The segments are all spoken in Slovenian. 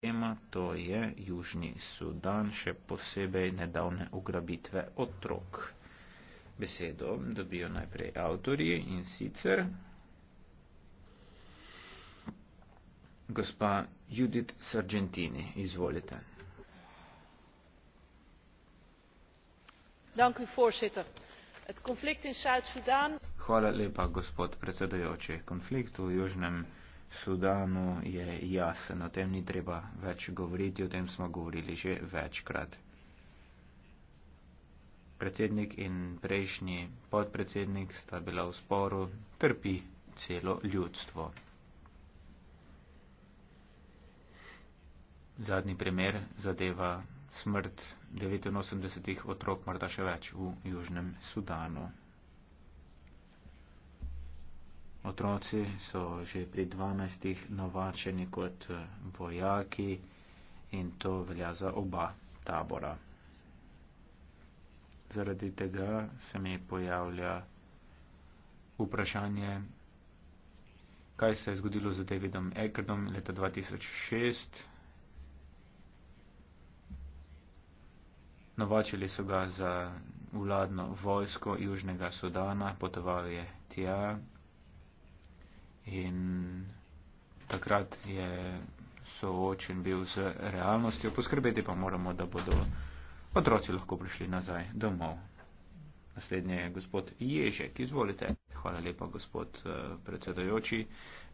tema, to je Južni Sudan, še posebej nedavne ugrabitve otrok. Besedo dobijo najprej avtori in sicer gospa Judith Sargentini. Izvolite. Dank u, voorzitter. Het conflict in Zuid-Sudan. Hvala lepa, gospod predsedajoči. Konflikt v Južnem Sudanu. Sudanu je jasen, o tem ni treba več govoriti, o tem smo govorili že večkrat. Predsednik in prejšnji podpredsednik sta bila v sporu, trpi celo ljudstvo. Zadnji primer zadeva smrt 89 otrok, morda še več, v Južnem Sudanu. Otroci so že pri 12. novačeni kot eh, vojaki in to velja za oba tabora. Zaradi tega se mi pojavlja vprašanje, kaj se je zgodilo z Davidom Ekerdom leta 2006. Novačili so ga za vladno vojsko Južnega Sudana, potoval je tja, in takrat je soočen bil z realnostjo, poskrbeti pa moramo, da bodo otroci lahko prišli nazaj domov. Naslednje je gospod Ježek, izvolite. Hvala lepa, gospod eh, predsedajoči.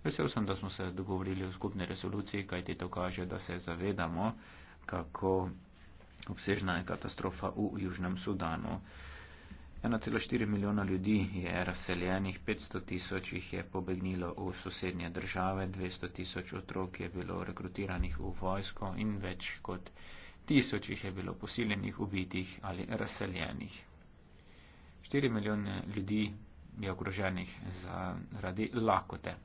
Vesel sem, da smo se dogovorili o skupni resoluciji, kajti to kaže, da se zavedamo, kako obsežna je katastrofa v Južnem Sudanu. 1,4 milijona ljudi je razseljenih, 500 tisoč jih je pobegnilo v sosednje države, 200 tisoč otrok je bilo rekrutiranih v vojsko in več kot tisoč jih je bilo posiljenih, ubitih ali razseljenih. 4 milijone ljudi je ogroženih zaradi lakote.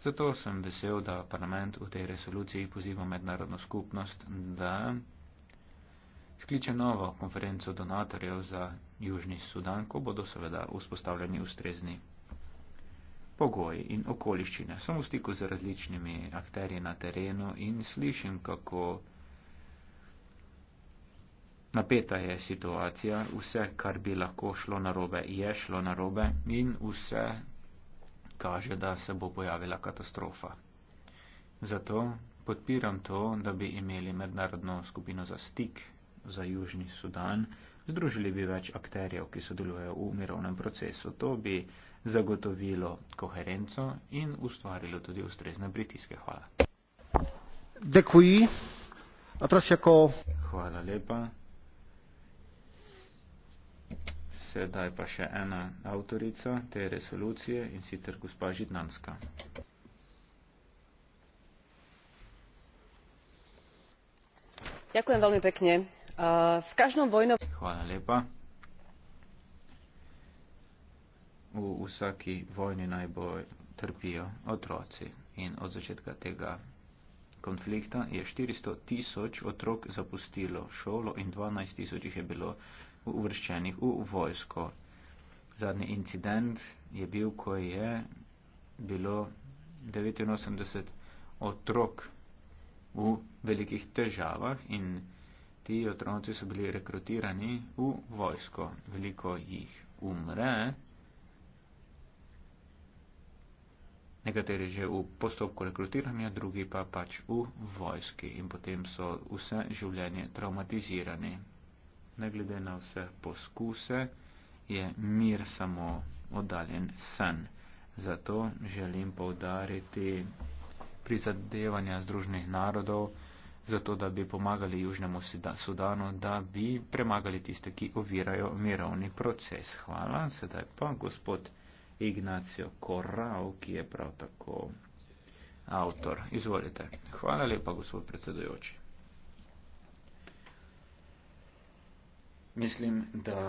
Zato sem vesel, da parlament v tej resoluciji poziva mednarodno skupnost, da skliče novo konferenco donatorjev za Južni Sudan, ko bodo seveda vzpostavljeni ustrezni pogoji in okoliščine. Sem v stiku z različnimi akterji na terenu in slišim, kako napeta je situacija, vse, kar bi lahko šlo na robe, je šlo na robe in vse kaže, da se bo pojavila katastrofa. Zato podpiram to, da bi imeli mednarodno skupino za stik za Južni Sudan, združili bi več akterjev, ki sodelujejo v mirovnem procesu. To bi zagotovilo koherenco in ustvarilo tudi ustrezne pritiske. Hvala. Hvala lepa. Sedaj pa še ena avtorica te resolucije in sicer gospa Židnanska. Ďakujem veľmi pekne. Eh, s kažno vojno. Hvala lepa. V vsaki vojni najbolj trpijo otroci in od začetka tega konflikta je 400 tisoč otrok zapustilo šolo in 12 tisoč jih je bilo uvrščenih v vojsko. Zadnji incident je bil, ko je bilo 89 otrok v velikih težavah in ti otroci so bili rekrutirani v vojsko. Veliko jih umre, nekateri že v postopku rekrutiranja, drugi pa pač v vojski in potem so vse življenje traumatizirani. Ne glede na vse poskuse, je mir samo oddaljen san. Zato želim povdariti prizadevanja Združenih narodov, zato da bi pomagali Južnemu Sudanu, da bi premagali tiste, ki ovirajo mirovni proces. Hvala. Sedaj pa gospod Ignacio Korau, ki je prav tako avtor. Izvolite. Hvala lepa, gospod predsedujoči. Mislim, da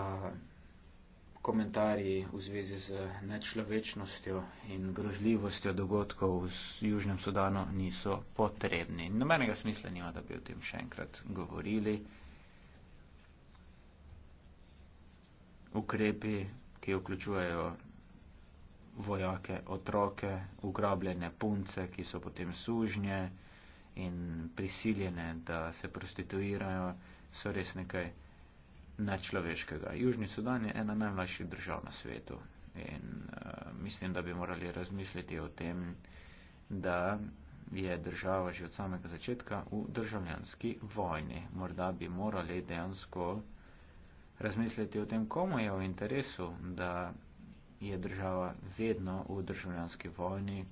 komentarji v zvezi z nečlovečnostjo in grozljivostjo dogodkov v Južnem Sudanu niso potrebni. Nobenega smisla nima, da bi o tem še enkrat govorili. Ukrepi, ki vključujejo vojake, otroke, ugrabljene punce, ki so potem sužnje in prisiljene, da se prostituirajo, so res nekaj nečloveškega. Južni Sudan je ena najmlajših držav na svetu in uh, mislim, da bi morali razmisliti o tem, da je država že od samega začetka v državljanski vojni. Morda bi morali dejansko razmisliti o tem, komu je v interesu, da je država vedno v državljanski vojni,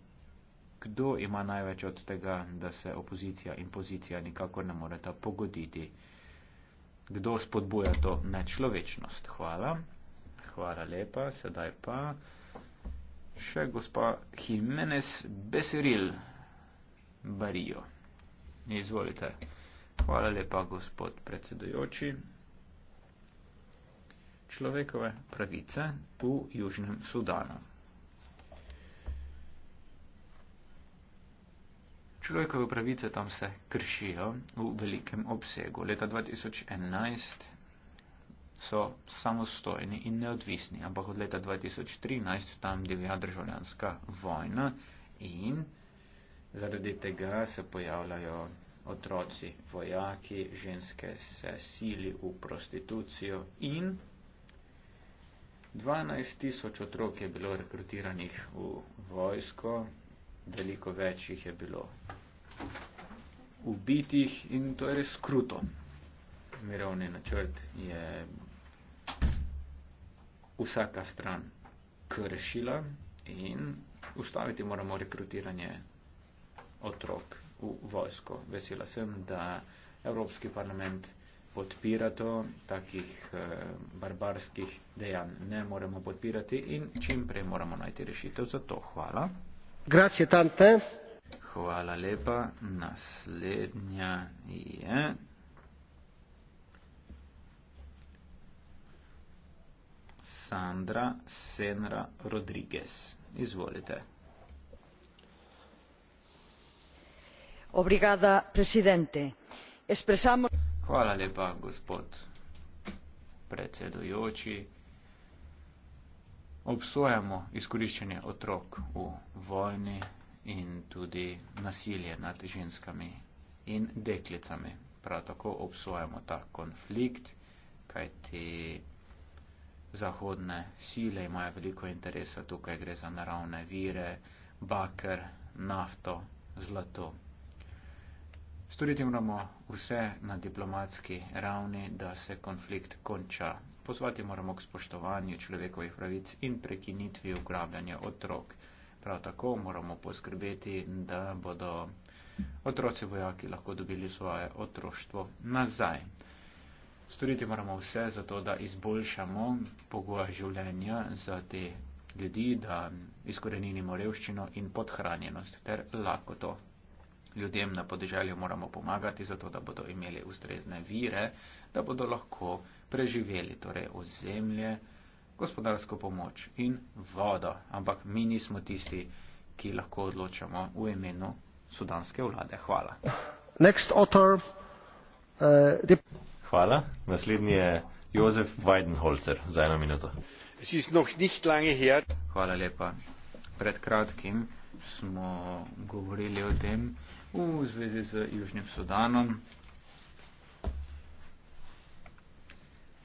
kdo ima največ od tega, da se opozicija in pozicija nikakor ne moreta pogoditi kdo spodbuja to medčlovečnost. Hvala. Hvala lepa. Sedaj pa še gospa Jimenez Beseril Barijo. Izvolite. Hvala lepa, gospod predsedujoči. Človekove pravice v Južnem Sudanu. človekove pravice tam se kršijo v velikem obsegu. Leta 2011 so samostojni in neodvisni, ampak od leta 2013 tam divja državljanska vojna in zaradi tega se pojavljajo otroci, vojaki, ženske se sili v prostitucijo in 12 tisoč otrok je bilo rekrutiranih v vojsko, veliko več jih je bilo ubitih in to je res kruto. Mirovni načrt je vsaka stran kršila in ustaviti moramo rekrutiranje otrok v vojsko. Vesela sem, da Evropski parlament podpira to, takih eh, barbarskih dejanj ne moremo podpirati in čim prej moramo najti rešitev za to. Hvala. Grazie tante. Hvala lepa. Naslednja je. Sandra Senra Rodriguez. Izvolite. Obrigada, presidente. Espresamo... Hvala lepa, gospod predsedujoči obsojamo izkoriščanje otrok v vojni in tudi nasilje nad ženskami in deklicami. Prav tako obsojamo ta konflikt, kajti zahodne sile imajo veliko interesa. Tukaj gre za naravne vire, baker, nafto, zlato. Storiti moramo vse na diplomatski ravni, da se konflikt konča. Pozvati moramo k spoštovanju človekovih pravic in prekinitvi ugrabljanja otrok. Prav tako moramo poskrbeti, da bodo otroci vojaki lahko dobili svoje otroštvo nazaj. Storiti moramo vse za to, da izboljšamo pogoje življenja za te ljudi, da izkoreninimo revščino in podhranjenost ter lakoto ljudem na podeželju moramo pomagati, zato da bodo imeli ustrezne vire, da bodo lahko preživeli, torej ozemlje, gospodarsko pomoč in vodo. Ampak mi nismo tisti, ki lahko odločamo v imenu sudanske vlade. Hvala. Author, uh, eh, the... Hvala. Naslednji je Jozef Weidenholzer za eno minuto. Hvala lepa. Pred kratkim smo govorili o tem v zvezi z Južnim Sudanom.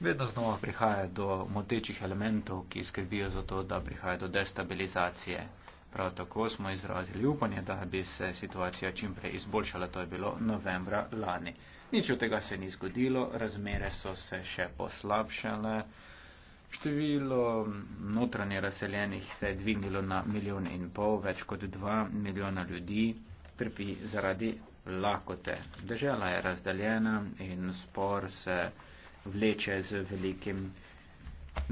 Vedno znova prihaja do motečih elementov, ki skrbijo za to, da prihaja do destabilizacije. Prav tako smo izrazili upanje, da bi se situacija čimprej izboljšala, to je bilo novembra lani. Nič od tega se ni zgodilo, razmere so se še poslabšale. Število notranje razseljenih se je dvignilo na milijon in pol, več kot dva milijona ljudi trpi zaradi lakote. Država je razdaljena in spor se vleče z velikim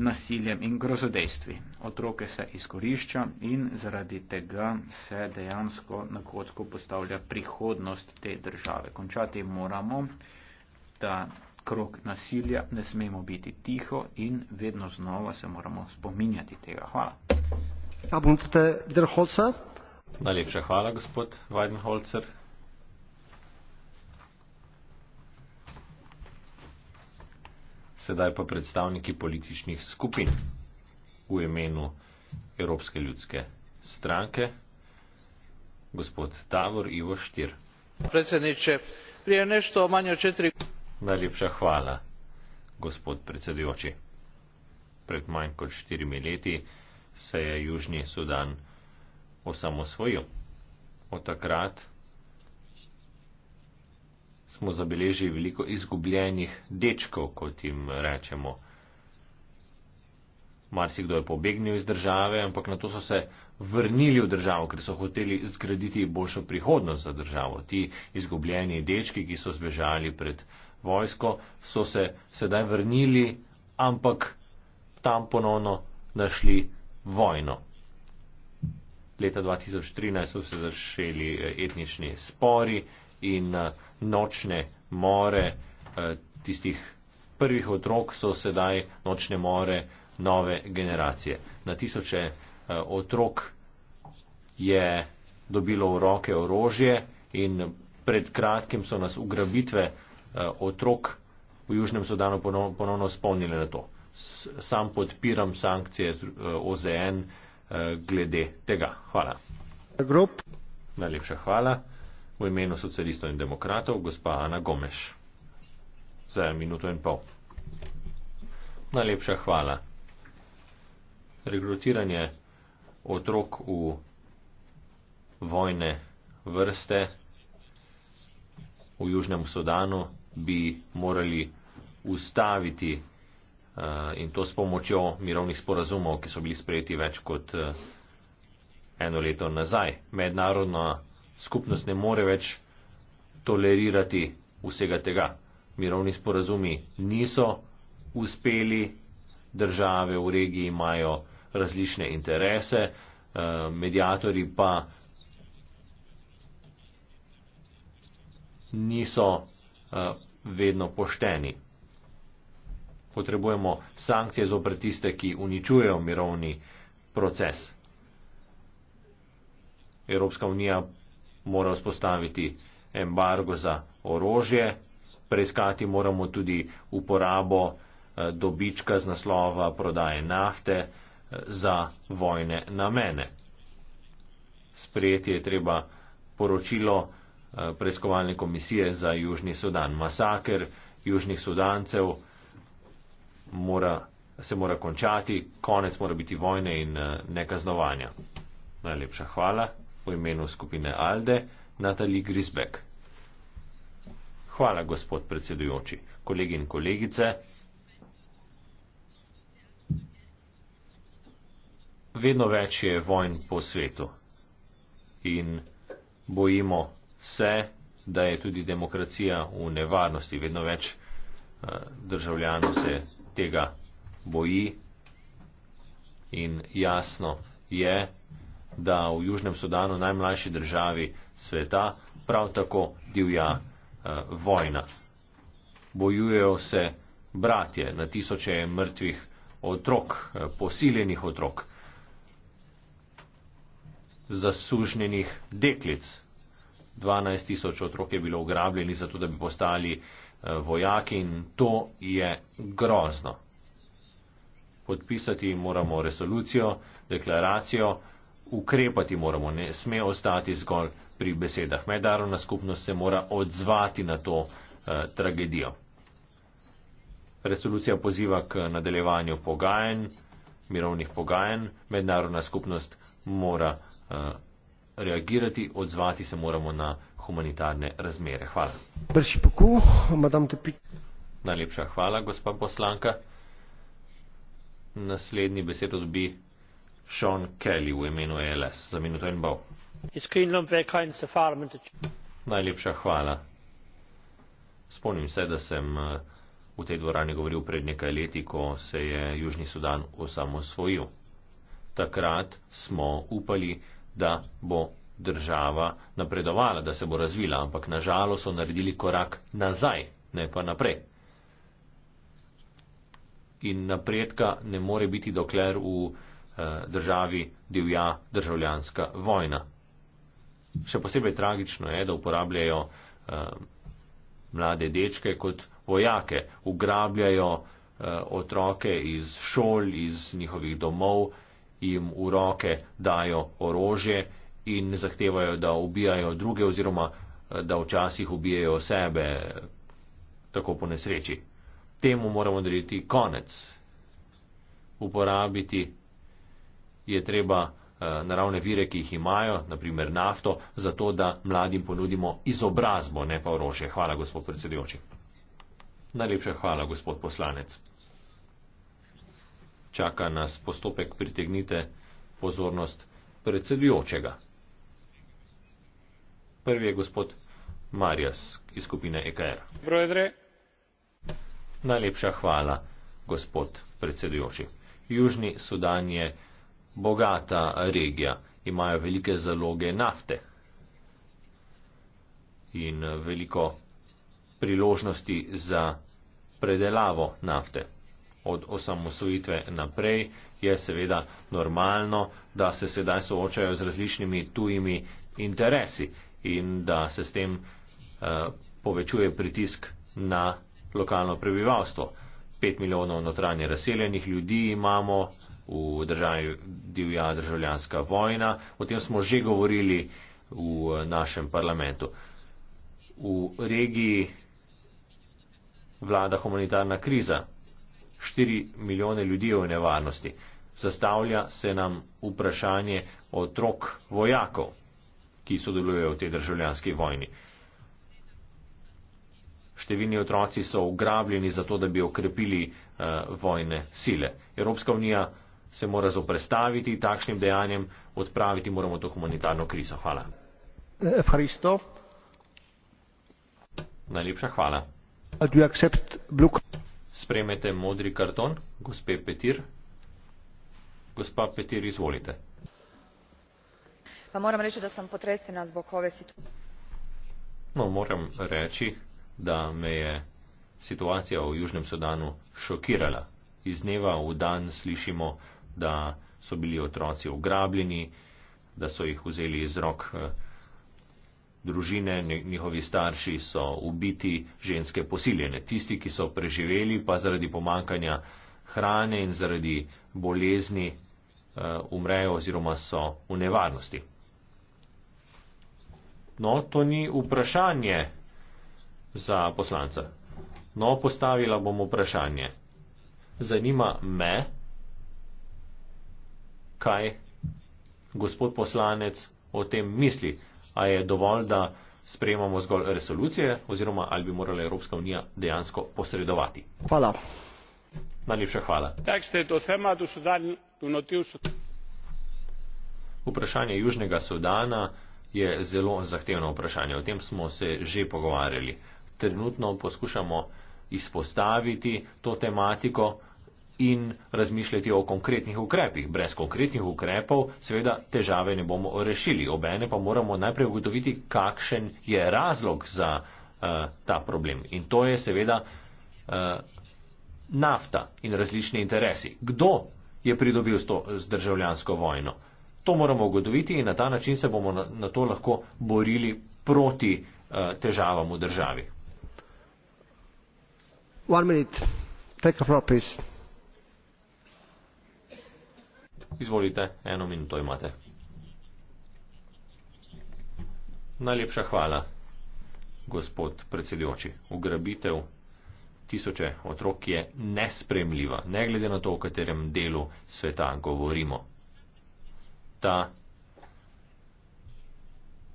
nasiljem in grozodejstvi. Otroke se izkorišča in zaradi tega se dejansko na kocko postavlja prihodnost te države. Končati moramo, da krog nasilja, ne smemo biti tiho in vedno znova se moramo spominjati tega. Hvala. Ja, Najlepša hvala, gospod Weidenholzer. Sedaj pa predstavniki političnih skupin v imenu Evropske ljudske stranke. Gospod Tavor Ivo Štir. Predsjedniče, prije nešto manje od četiri godine. Najlepša hvala, gospod predsedujoči. Pred manj kot štirimi leti se je Južni Sudan osamosvojil. Od takrat smo zabeležili veliko izgubljenih dečkov, kot jim rečemo. Marsikdo je pobegnil iz države, ampak na to so se vrnili v državo, ker so hoteli zgraditi boljšo prihodnost za državo. Ti izgubljeni dečki, ki so zbežali pred državo, vojsko, so se sedaj vrnili, ampak tam ponovno našli vojno. Leta 2013 so se začeli eh, etnični spori in eh, nočne more eh, tistih prvih otrok so sedaj nočne more nove generacije. Na tisoče otrok je dobilo v roke orožje in pred kratkim so nas ugrabitve Eh, otrok v Južnem Sudanu ponovno, ponovno spomnili na to. Sam podpiram sankcije eh, OZN eh, glede tega. Hvala. Najlepša hvala. V imenu socialistov in demokratov, gospa Ana Gomeš. Za minuto in pol. Najlepša hvala. Rekrutiranje otrok v vojne vrste v Južnem Sudanu bi morali ustaviti eh, in to s pomočjo mirovnih sporazumov, ki so bili sprejeti več kot eh, eno leto nazaj. Mednarodna skupnost ne more več tolerirati vsega tega. Mirovni sporazumi niso uspeli, države v regiji imajo različne interese, eh, medijatori pa niso Eh, vedno pošteni. Potrebujemo sankcije zopr tiste, ki uničujejo mirovni proces. Evropska unija mora vzpostaviti embargo za orožje, preiskati moramo tudi uporabo eh, dobička z naslova prodaje nafte eh, za vojne namene. Sprejeti je treba poročilo, Eh, preiskovalne komisije za Južni Sudan. Masaker Južnih Sudancev mora, se mora končati, konec mora biti vojne in eh, nekaznovanja. Najlepša hvala v imenu skupine Alde, Natali Grisbek. Hvala, gospod predsedujoči, kolegi in kolegice. Vedno več je vojn po svetu in bojimo, se, da je tudi demokracija v nevarnosti. Vedno več eh, državljanov se tega boji in jasno je, da v Južnem Sudanu, najmlajši državi sveta, prav tako divja eh, vojna. Bojujejo se bratje, na tisoče je mrtvih otrok, eh, posiljenih otrok, zasužnjenih deklic. 12 tisoč otrok je bilo ugrabljeni zato, da bi postali eh, vojaki in to je grozno. Podpisati moramo resolucijo, deklaracijo, ukrepati moramo, ne sme ostati zgolj pri besedah. Mednarodna skupnost se mora odzvati na to eh, tragedijo. Resolucija poziva k nadaljevanju pogajanj, mirovnih pogajanj, mednarodna skupnost mora eh, reagirati, odzvati se moramo na humanitarne razmere. Hvala. Najlepša hvala, gospa poslanka. Naslednji besed odbi Sean Kelly v imenu ALS. Za minuto in bo. Najlepša hvala. Spomnim se, da sem eh, v tej dvorani govoril pred nekaj leti, ko se je Južni Sudan osamosvojil. Takrat smo upali, da bo država napredovala, da se bo razvila, ampak nažalost so naredili korak nazaj, ne pa naprej. In napredka ne more biti, dokler v eh, državi divja državljanska vojna. Še posebej tragično je, da uporabljajo eh, mlade dečke kot vojake, ugrabljajo eh, otroke iz šol, iz njihovih domov, jim v roke dajo orožje in zahtevajo, da ubijajo druge oziroma eh, da včasih ubijajo sebe tako po nesreči. Temu moramo narediti konec. Uporabiti je treba eh, naravne vire, ki jih imajo, naprimer nafto, zato da mladim ponudimo izobrazbo, ne pa orožje. Hvala, gospod predsedujoči. Najlepša hvala, gospod poslanec čaka nas postopek pritegnite pozornost predsedujočega. Prvi je gospod Marjas iz skupine EKR. Brojdre. Najlepša hvala, gospod predsedujoči. Južni Sudan je bogata regija, imajo velike zaloge nafte in veliko priložnosti za predelavo nafte od osamosvojitve naprej, je seveda normalno, da se sedaj soočajo z različnimi tujimi interesi in da se s tem uh, povečuje pritisk na lokalno prebivalstvo. Pet milijonov notranje razseljenih ljudi imamo v državi divja državljanska vojna, o tem smo že govorili v eh, našem parlamentu. V regiji vlada humanitarna kriza, 4 milijone ljudi v nevarnosti. Zastavlja se nam vprašanje otrok vojakov, ki sodelujejo v tej državljanski vojni. Številni otroci so ugrabljeni zato, da bi okrepili uh, vojne sile. Evropska unija se mora zoprestaviti takšnim dejanjem, odpraviti moramo to humanitarno krizo. Hvala. Hristo. Najlepša hvala. Spremete modri karton, gospe Petir. Gospa Petir, izvolite. Pa moram reči, da sem potresena zbog ove situacije. No, moram reči, da me je situacija v Južnem Sudanu šokirala. Iz dneva v dan slišimo, da so bili otroci ugrabljeni, da so jih vzeli iz rok eh, družine, njihovi starši so ubiti, ženske posiljene. Tisti, ki so preživeli, pa zaradi pomankanja hrane in zaradi bolezni eh, umrejo oziroma so v nevarnosti. No, to ni vprašanje za poslanca. No, postavila bom vprašanje. Zanima me, kaj gospod poslanec o tem misli. A je dovolj, da sprejemamo zgolj resolucije, oziroma ali bi morala Evropska unija dejansko posredovati? Hvala. Najlepša hvala. Vprašanje Južnega Sudana je zelo zahtevno vprašanje. O tem smo se že pogovarjali. Trenutno poskušamo izpostaviti to tematiko in razmišljati o konkretnih ukrepih. Brez konkretnih ukrepov seveda težave ne bomo rešili. Obene pa moramo najprej ugotoviti, kakšen je razlog za uh, ta problem. In to je seveda uh, nafta in različni interesi. Kdo je pridobil to državljansko vojno? To moramo ugotoviti in na ta način se bomo na, na to lahko borili proti uh, težavam v državi. One minute, take a proper piece. Izvolite, eno minuto imate. Najlepša hvala, gospod predsedujoči. Ugrabitev tisoče otrok je nespremljiva, ne glede na to, v katerem delu sveta govorimo. Ta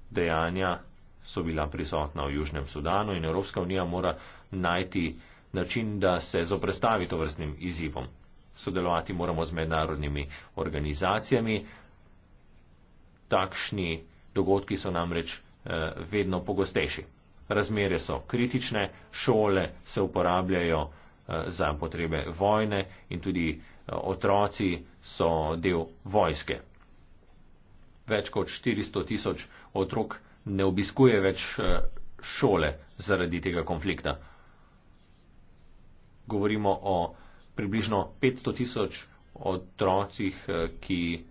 dejanja so bila prisotna v Južnem Sudanu in Evropska unija mora najti način, da se zoprestavi to vrstnim izzivom sodelovati moramo z mednarodnimi organizacijami. Takšni dogodki so namreč eh, vedno pogostejši. Razmere so kritične, šole se uporabljajo eh, za potrebe vojne in tudi eh, otroci so del vojske. Več kot 400 tisoč otrok ne obiskuje več šole zaradi tega konflikta. Govorimo o približno 500 tisoč otrocih, eh, ki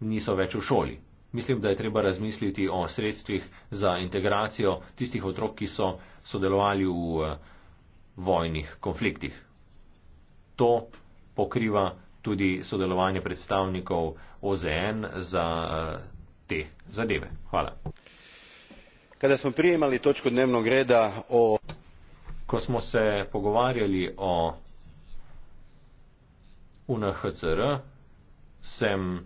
niso več v šoli. Mislim, da je treba razmisliti o sredstvih za integracijo tistih otrok, ki so sodelovali v eh, vojnih konfliktih. To pokriva tudi sodelovanje predstavnikov OZN za eh, te zadeve. Hvala. Kada smo prijemali točko dnevnog reda o. Ko smo se pogovarjali o UNHCR sem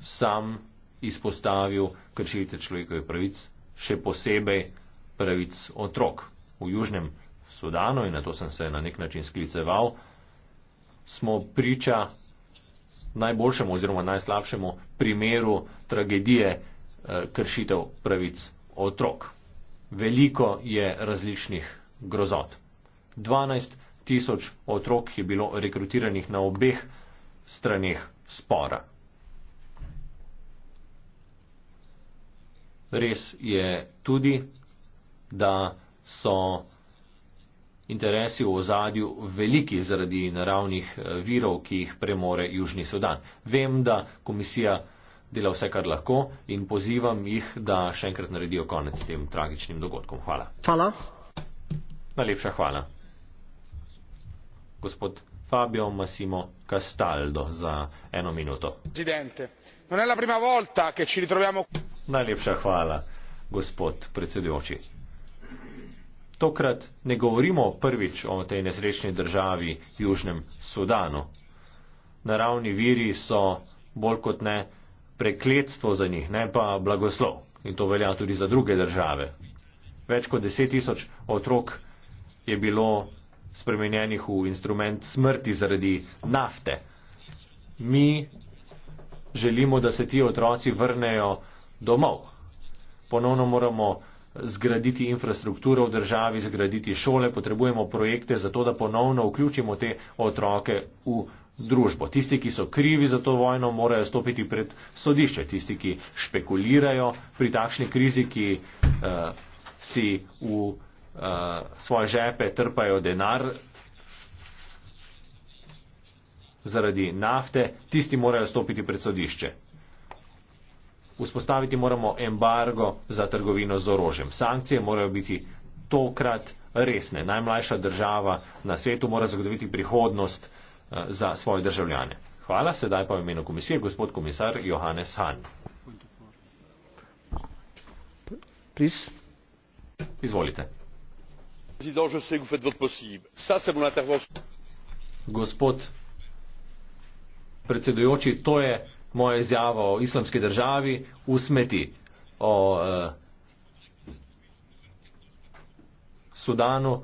sam izpostavil kršitev človekovih pravic, še posebej pravic otrok. V Južnem Sudanu, in na to sem se na nek način skliceval, smo priča najboljšemu oziroma najslabšemu primeru tragedije eh, kršitev pravic otrok. Veliko je različnih grozot. 12 tisoč otrok je bilo rekrutiranih na obeh straneh spora. Res je tudi, da so interesi v ozadju veliki zaradi naravnih eh, virov, ki jih premore Južni Sudan. Vem, da komisija dela vse, kar lahko in pozivam jih, da še enkrat naredijo konec s tem tragičnim dogodkom. Hvala. Hvala. Najlepša hvala gospod Fabio Massimo Castaldo za eno minuto. Presidente, non è la prima volta che ci ritroviamo. Najlepša hvala, gospod predsedujoči. Tokrat ne govorimo prvič o tej nesrečni državi Južnem Sudanu. Naravni viri so bolj kot ne prekletstvo za njih, ne pa blagoslov. In to velja tudi za druge države. Več kot deset tisoč otrok je bilo spremenjenih v instrument smrti zaradi nafte. Mi želimo, da se ti otroci vrnejo domov. Ponovno moramo zgraditi infrastrukturo v državi, zgraditi šole, potrebujemo projekte za to, da ponovno vključimo te otroke v družbo. Tisti, ki so krivi za to vojno, morajo stopiti pred sodišče. Tisti, ki špekulirajo pri takšni krizi, ki uh, si v Eh, svoje žepe trpajo denar zaradi nafte, tisti morajo stopiti pred sodišče. Vzpostaviti moramo embargo za trgovino z orožjem. Sankcije morajo biti tokrat resne. Najmlajša država na svetu mora zagotoviti prihodnost eh, za svoje državljane. Hvala, sedaj pa v imenu komisije gospod komisar Johannes Han. Please. Izvolite monsieur le président je sais que vous faites votre possible. ça c'est mon intervention. gospod predsedujoči to je moja izjava o islamski državi v smeti o uh, sudanu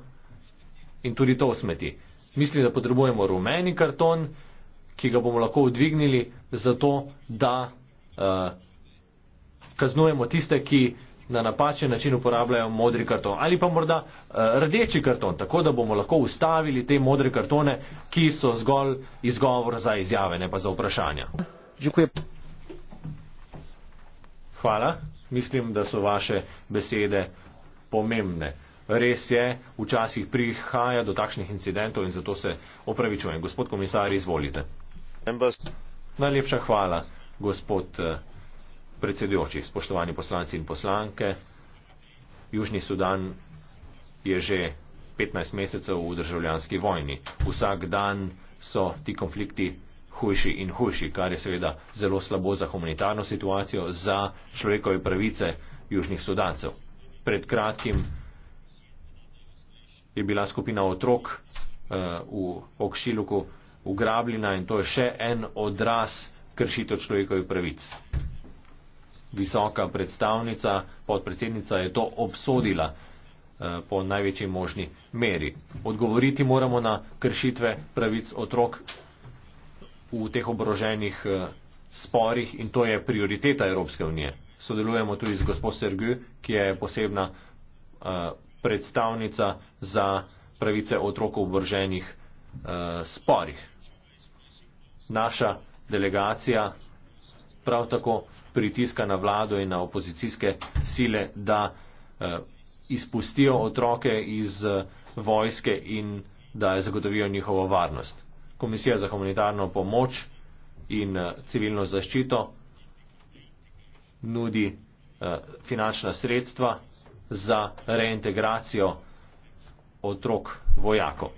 in tudi to v smeti mislim da potrebujemo rumeni karton ki ga bomo lahko odvignili zato da uh, kaznujemo tiste ki uh, na napačen način uporabljajo modri karton ali pa morda eh, rdeči karton, tako da bomo lahko ustavili te modre kartone, ki so zgolj izgovor za izjave, ne pa za vprašanja. Hvala. Mislim, da so vaše besede pomembne. Res je, včasih prihaja do takšnih incidentov in zato se opravičujem. Gospod komisar, izvolite. Najlepša hvala, gospod. Uh, predsedujoči, spoštovani poslanci in poslanke, Južni Sudan je že 15 mesecev v državljanski vojni. Vsak dan so ti konflikti hujši in hujši, kar je seveda zelo slabo za humanitarno situacijo, za človekove pravice Južnih Sudancev. Pred kratkim je bila skupina otrok eh, v Okšiluku ugrabljena in to je še en odraz kršitev človekovih pravic visoka predstavnica, podpredsednica je to obsodila eh, po največji možni meri. Odgovoriti moramo na kršitve pravic otrok v teh oboroženih eh, sporih in to je prioriteta Evropske unije. Sodelujemo tudi z gospod Sergiu, ki je posebna eh, predstavnica za pravice otrok v oboroženih sporih. Naša delegacija prav tako pritiska na vlado in na opozicijske sile, da eh, izpustijo otroke iz eh, vojske in da zagotovijo njihovo varnost. Komisija za humanitarno pomoč in eh, civilno zaščito nudi finančna sredstva za reintegracijo otrok vojakov.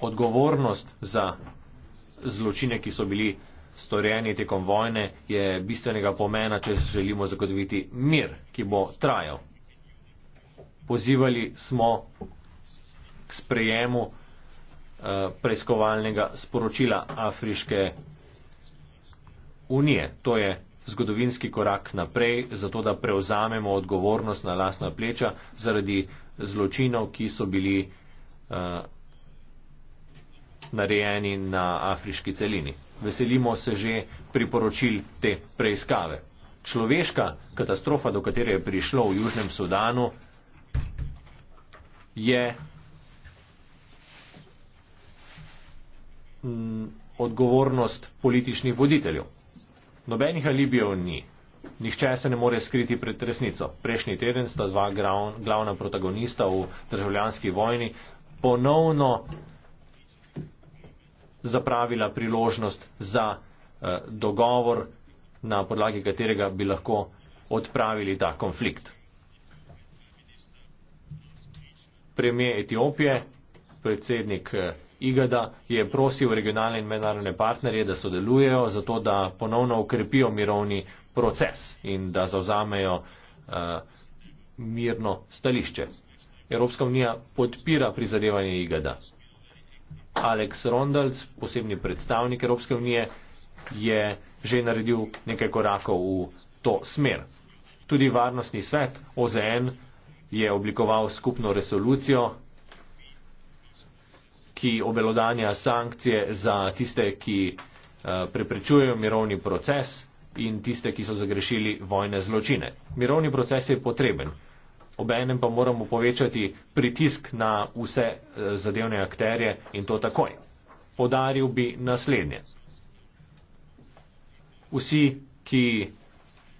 Odgovornost za zločine, ki so bili storjeni tekom vojne je bistvenega pomena, če se želimo zagotoviti mir, ki bo trajal. Pozivali smo k sprejemu eh, preiskovalnega sporočila Afriške unije. To je zgodovinski korak naprej, zato da prevzamemo odgovornost na lasna pleča zaradi zločinov, ki so bili uh, narejeni na afriški celini veselimo se že priporočil te preiskave. Človeška katastrofa, do katere je prišlo v Južnem Sudanu, je mm, odgovornost političnih voditeljev. Nobenih alibijev ni. Nihče se ne more skriti pred resnico. Prejšnji teden sta dva glavna protagonista v državljanski vojni ponovno zapravila priložnost za eh, dogovor, na podlagi katerega bi lahko odpravili ta konflikt. Premijer Etiopije, predsednik eh, Igada, je prosil regionalne in mednarodne partnerje, da sodelujejo za to, da ponovno ukrepijo mirovni proces in da zauzamejo uh, eh, mirno stališče. Evropska unija podpira prizadevanje Igada. Alex Rondals, posebni predstavnik Evropske unije, je že naredil nekaj korakov v to smer. Tudi varnostni svet OZN je oblikoval skupno resolucijo, ki obelodanja sankcije za tiste, ki eh, preprečujejo mirovni proces in tiste, ki so zagrešili vojne zločine. Mirovni proces je potreben obenem pa moramo povečati pritisk na vse eh, zadevne akterje in to takoj. Podaril bi naslednje. Vsi, ki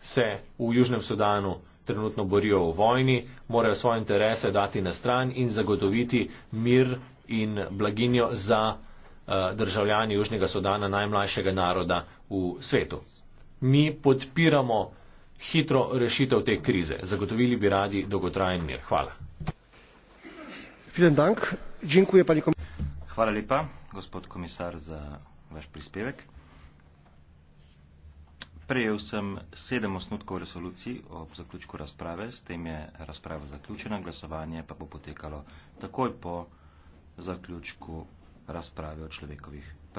se v Južnem Sudanu trenutno borijo v vojni, morajo svoje interese dati na stran in zagotoviti mir in blaginjo za eh, državljani Južnega Sudana, najmlajšega naroda v svetu. Mi podpiramo hitro rešitev te krize. Zagotovili bi radi dolgotrajen mir. Hvala. Hvala lepa, gospod komisar, za vaš prispevek. Prejel sem sedem osnutkov resolucij ob zaključku razprave, s tem je razprava zaključena, glasovanje pa bo potekalo takoj po zaključku razprave o človekovih